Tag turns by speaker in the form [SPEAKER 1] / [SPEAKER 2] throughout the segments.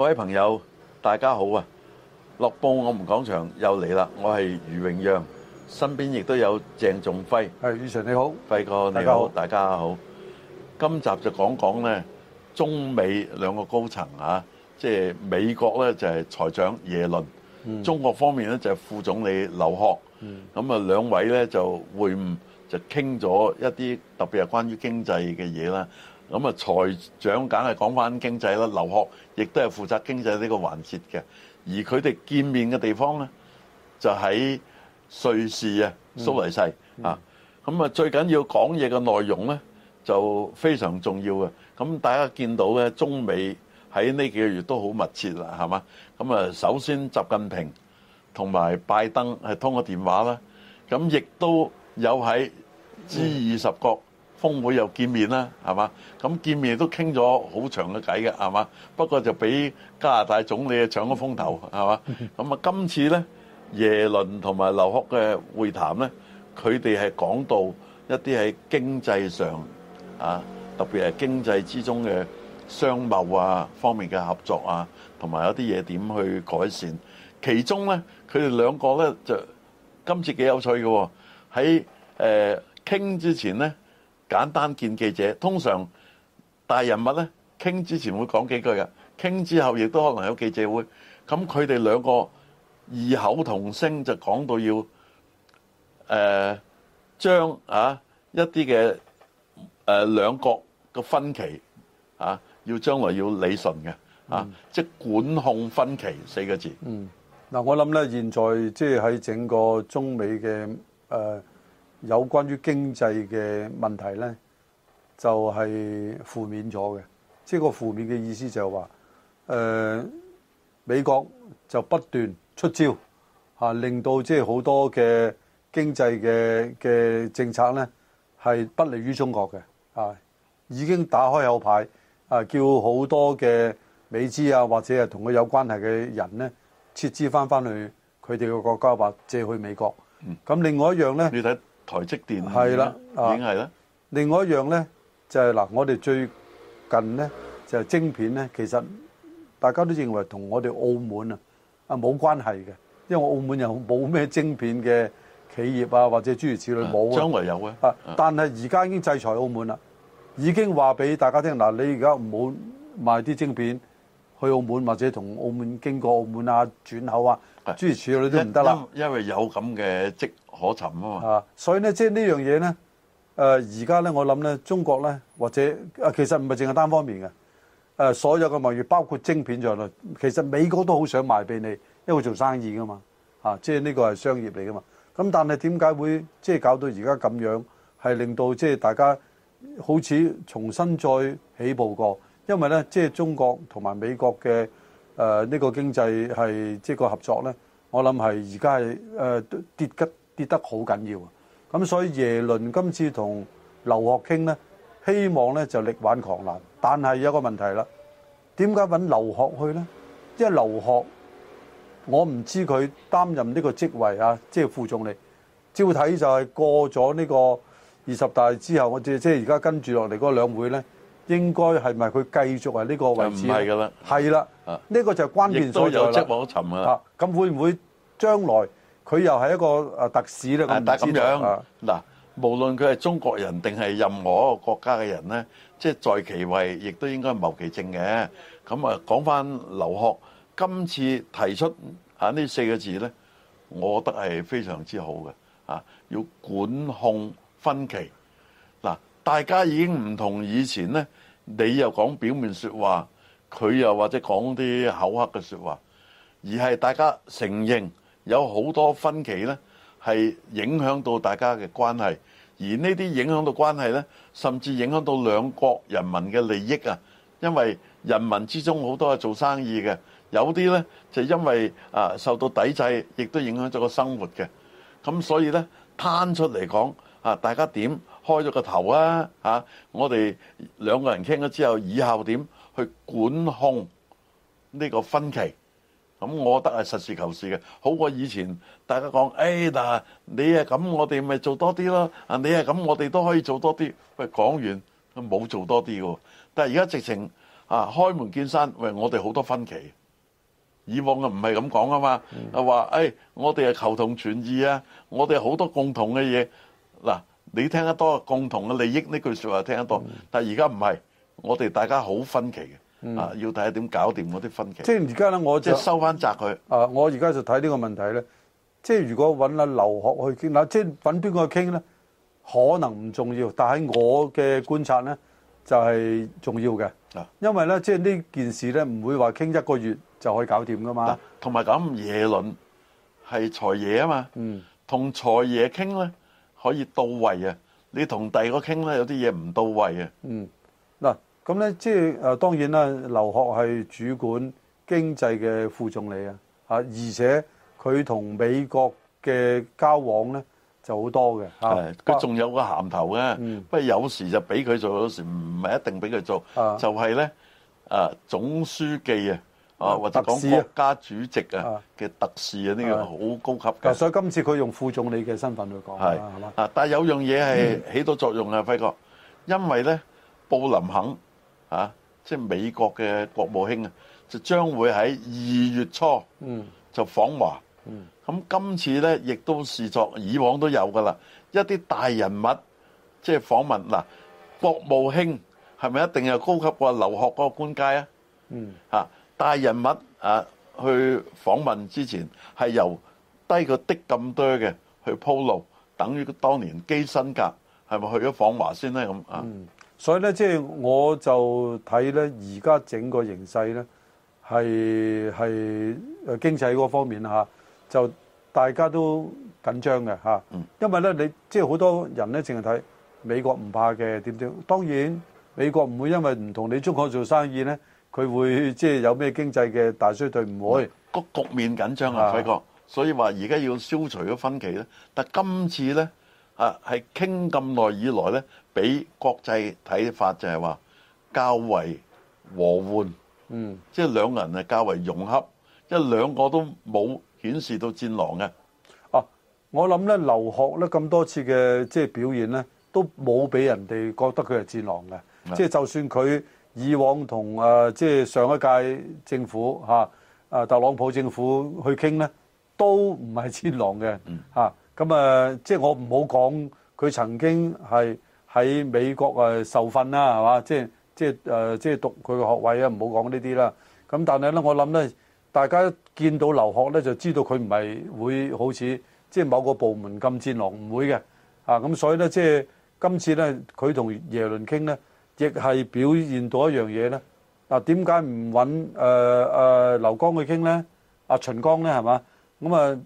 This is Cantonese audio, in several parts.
[SPEAKER 1] 各位朋友，大家好啊！樂報我們講場又嚟啦，我係余榮讓，身邊亦都有鄭仲輝。係，以晨，你好，輝哥你好，大家好。家好今集就講講咧中美兩個高層啊，即係美國咧就係財長耶倫，嗯、中國方面咧就係副總理劉鶴咁啊，兩、嗯、位咧就會晤，就傾咗一啲特別係關於經濟嘅嘢啦。咁啊，財長梗係講翻經濟啦，劉鶴亦都係負責經濟呢個環節嘅。而佢哋見面嘅地方咧，就喺瑞士、嗯嗯、啊，蘇黎世啊。咁啊，最緊要講嘢嘅內容咧，就非常重要嘅。咁大家見到咧，中美喺呢幾個月都好密切啦，係嘛？咁啊，首先習近平同埋拜登係通過電話啦，咁亦都有喺 G 二十國。嗯嗯峯會又見面啦，係嘛？咁見面都傾咗好長嘅偈嘅，係嘛？不過就俾加拿大總理啊搶咗風頭，係嘛？咁啊，今次咧耶倫同埋劉鶴嘅會談咧，佢哋係講到一啲喺經濟上啊，特別係經濟之中嘅商貿啊方面嘅合作啊，同埋有啲嘢點去改善。其中咧，佢哋兩個咧就今次幾有趣嘅喎，喺誒傾之前咧。簡單見記者，通常大人物咧傾之前會講幾句嘅，傾之後亦都可能有記者會。咁佢哋兩個異口同聲就講到要誒、呃、將啊一啲嘅誒兩國嘅分歧啊，要將來要理順嘅啊，嗯、即管控分歧四個字。嗯，
[SPEAKER 2] 嗱，我諗咧，現在即係喺整個中美嘅有關於經濟嘅問題呢，就係負面咗嘅。即係個負面嘅意思就係話，誒美國就不斷出招，啊令到即係好多嘅經濟嘅嘅政策呢係不利於中國嘅。啊，已經打開口牌，啊叫好多嘅美資啊或者係同佢有關係嘅人呢撤資翻翻去佢哋嘅國家或借去美國。咁、嗯、另外一樣呢，你睇。台積電係啦，已經係啦。另外一樣咧，就係、是、嗱、啊，我哋最近咧就是、晶片咧，其實大家都認為同我哋澳門啊啊冇關係嘅，因為澳門又冇咩晶片嘅企業啊，或者諸如此類冇。將
[SPEAKER 1] 來有嘅。啊，啊啊但
[SPEAKER 2] 係而家已經制裁澳門啦，已經話俾大家聽嗱、啊，你而家唔好賣啲晶片去澳門，或者同澳門經過澳門啊轉口啊，的諸如此類都唔得啦。
[SPEAKER 1] 因為有咁嘅積。可尋啊嘛！
[SPEAKER 2] 啊，所以咧，即係呢樣嘢咧，誒而家咧，我諗咧，中國咧，或者誒其實唔係淨係單方面嘅，誒所有嘅貿易包括晶片在內，其實美國都好想賣俾你，因為做生意㗎嘛，嚇，即係呢個係商業嚟㗎嘛。咁但係點解會即係搞到而家咁樣，係令到即係大家好似重新再起步過？因為咧，即係中國同埋美國嘅誒呢個經濟係即係個合作咧，我諗係而家係誒跌咗。跌得好緊要，咁所以耶倫今次同劉鶴傾咧，希望咧就力挽狂瀾。但係有個問題啦，點解揾劉鶴去咧？因為劉鶴，我唔知佢擔任呢個職位啊，即係副總理。照睇就係過咗呢個二十大之後，我即係即係而家跟住落嚟嗰兩會咧，應該係咪佢繼續係呢個位置？唔係㗎啦，係啦，呢個就係關鍵所在啦。亦都有職往尋啊！咁會唔會將來？佢又係一個誒特使咧，咁唔知啊？嗱，
[SPEAKER 1] 無論佢係中國人定係任何一個國家嘅人呢，即係在其位，亦都應該謀其政嘅。咁啊，講翻劉鶴，今次提出啊呢四個字呢，我覺得係非常之好嘅。啊，要管控分歧。嗱，大家已經唔同以前呢，你又講表面說話，佢又或者講啲口黑嘅說話，而係大家承認。有好多分歧呢，係影響到大家嘅關係，而呢啲影響到關係呢，甚至影響到兩國人民嘅利益啊！因為人民之中好多係做生意嘅，有啲呢就因為啊受到抵制，亦都影響咗個生活嘅。咁所以呢，攤出嚟講啊，大家點開咗個頭啊？嚇，我哋兩個人傾咗之後，以後點去管控呢個分歧？咁我覺得係實事求是嘅，好過以前大家講，哎，哎嗱，你係咁，我哋咪做多啲咯。啊，你係咁，我哋都可以做多啲。喂，講完冇做多啲喎。但係而家直情啊，開門見山，喂，我哋好多分歧。以往啊，唔係咁講啊嘛，啊話、嗯，哎，我哋係求同存異啊，我哋好多共同嘅嘢。嗱、啊，你聽得多共同嘅利益呢句說話聽得多，但係而家唔係，我哋大家好分歧嘅。啊！要睇下點搞掂嗰啲分
[SPEAKER 2] 歧。即係而家咧，我即係收翻責佢。啊！我而家就睇呢個問題咧，即係如果揾阿劉鶴去傾，嗱，即係揾邊個去傾咧？可能唔重要，但係我嘅觀察咧，就係重要嘅。啊！因為咧，即係呢件事咧，唔會話傾一個月就可以搞掂噶嘛。同埋咁，耶
[SPEAKER 1] 倫係財爺啊嘛。嗯。同財爺傾咧，可以到位啊！你同第二個傾咧，有啲嘢唔到位啊。
[SPEAKER 2] 嗯。咁咧，即係誒當然啦，劉鶴係主管經濟嘅副總理啊，而且佢同美國嘅交往咧就好多嘅。佢
[SPEAKER 1] 仲有個銜頭嘅，嗯、不過有時就俾佢做，有時唔係一定俾佢做。啊、就係、是、咧，誒、啊、總書記啊，啊或者講國家主席啊嘅特使啊，呢、啊、個好
[SPEAKER 2] 高級嘅。所以今次佢用副總理嘅身份去講嘛？是吧
[SPEAKER 1] 啊，但有樣嘢係起到作用啊，輝哥、嗯，因為咧布林肯。啊！即係美國嘅國務卿啊，就將會喺二月初就訪華。咁今次咧，亦都視作以往都有噶啦，一啲大人物即係訪問嗱，國務卿係咪一定係高級過劉鶴嗰個官階啊？嚇大人物啊，去訪問之前係由低個的咁多嘅去鋪路，等於當年基辛格係咪去咗訪華先咧咁啊？
[SPEAKER 2] 所以咧，即係我就睇咧，而家整個形勢咧，係係誒經濟嗰方面嚇，就大家都緊張嘅嚇。因為咧，你即係好多人咧，淨係睇美國唔怕嘅點點。當然，美國唔會因為唔同你中國做生意咧，佢會即係有咩經濟嘅大衰退唔會。個局面緊張啊！輝哥，
[SPEAKER 1] 所以話而家要消除咗分歧咧，但今次咧。啊，係傾咁耐以來咧，俾國際睇法就係話較為和緩，嗯，即係兩個人係較為融洽，即係兩個都冇顯示到戰狼嘅。
[SPEAKER 2] 哦，我諗咧，劉鶴咧咁多次嘅即係表現咧，都冇俾人哋覺得佢係戰狼嘅。即係是的 就，就算佢以往同啊即係上一屆政府嚇啊特朗普政府去傾咧，都唔係戰狼嘅嚇。嗯啊咁啊，即係我唔好講，佢曾經係喺美國啊受訓啦，係嘛？即係即係誒，即係讀佢嘅學位啊，唔好講呢啲啦。咁但係咧，我諗咧，大家見到劉鶴咧，就知道佢唔係會好似即係某個部門咁戰狼，唔會嘅啊。咁所以咧，即係今次咧，佢同耶倫傾咧，亦係表現到一樣嘢咧。嗱，點解唔揾誒誒劉剛去傾咧？阿秦剛咧係嘛？咁啊。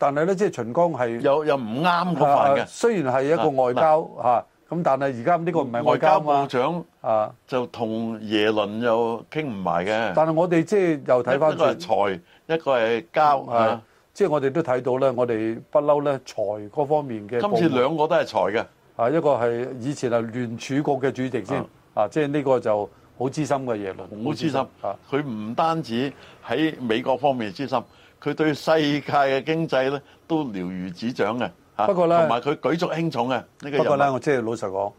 [SPEAKER 2] 但係咧，即係秦剛係又又唔啱佢份嘅。雖然係一個外交咁、啊啊、但係而家呢個唔係外交啊外交部
[SPEAKER 1] 長啊，就同耶
[SPEAKER 2] 倫又傾唔埋嘅。但係我哋即係又睇翻，一個係財，一個係交啊。嗯、即係我哋都睇到咧，我哋不嬲咧財嗰方面嘅。今次兩個都係財嘅啊，一個係以前係聯儲局嘅主席先啊，啊，即係呢個就好資深嘅耶倫，好資深，佢唔單止喺美國方面資深。佢對
[SPEAKER 1] 世界嘅經濟咧都了如指掌嘅，嚇，同埋佢舉足輕重嘅呢、
[SPEAKER 2] 這個呢個。不過咧，我即係老實講，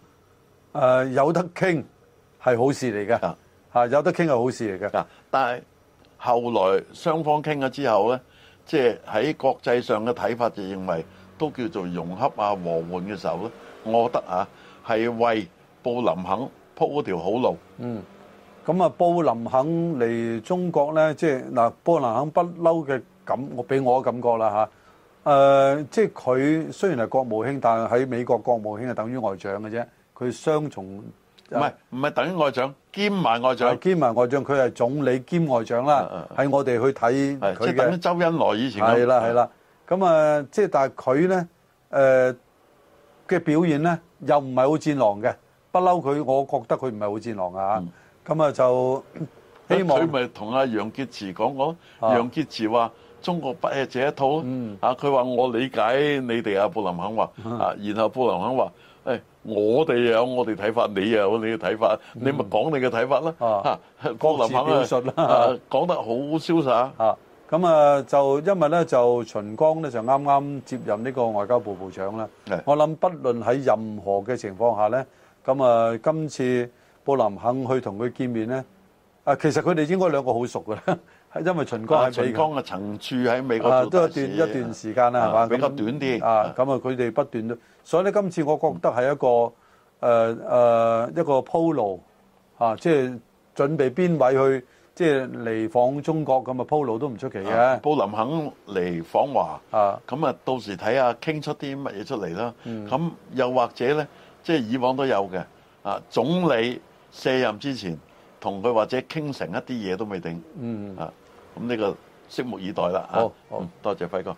[SPEAKER 2] 誒有得傾係好事嚟㗎，嚇的有得傾係好事嚟㗎。但係後來雙方傾咗之後咧，
[SPEAKER 1] 即係喺國際上嘅睇法就認為都叫做融洽啊和緩嘅時候咧，我覺得啊係為布林肯鋪嗰條好
[SPEAKER 2] 路。嗯。咁啊，布林肯嚟中國咧，即係嗱，布林肯不嬲嘅感，我俾我嘅感覺啦嚇。誒，即係佢雖然係國務卿，但係喺美國國務卿係等於外長嘅啫。佢雙重唔係
[SPEAKER 1] 唔係等於外長，兼埋外長，
[SPEAKER 2] 兼埋外長，佢係總理兼外長啦。喺我哋去睇佢嘅，即係等於周恩來以前咁。係啦係啦，咁啊，即係但係佢咧誒嘅表現咧，又唔係好戰狼嘅，不嬲佢，我覺得佢唔係好戰狼啊。咁啊就希望佢咪
[SPEAKER 1] 同阿楊潔篪講講，楊潔篪話中國不吃這一套，啊佢話我理解你哋阿布林肯話，啊然後布林肯話，誒我哋有我哋睇法，你又有你嘅睇法，你咪講你嘅睇法啦，啊各自表述啦，
[SPEAKER 2] 講得好瀟灑，啊咁啊就因為咧就秦剛咧就啱啱接任呢個外交部部長啦，我諗不論喺任何嘅情況下咧，咁啊今次。布林肯去同佢見面咧，啊，其實佢哋應該兩個好熟嘅，係因為秦剛係美國。秦剛
[SPEAKER 1] 啊，曾住喺美國做大使，都一段一段時間啦，係嘛、啊？吧比較短啲
[SPEAKER 2] 啊，咁啊，佢哋、嗯、不斷都，所以咧，今次我覺得係一個誒誒、啊啊、一個鋪路啊，即係準備邊位去即係嚟訪中國咁、那個、啊，鋪路都唔出奇嘅。布林肯
[SPEAKER 1] 嚟訪華啊，咁啊，到時睇下傾出啲乜嘢出嚟啦。咁、嗯啊嗯、又或者咧，即係以往都有嘅啊，總理。卸任之前，同佢或者傾成一啲嘢都未定，嗯、啊，咁呢個拭目以待啦。啊，好，多謝輝哥。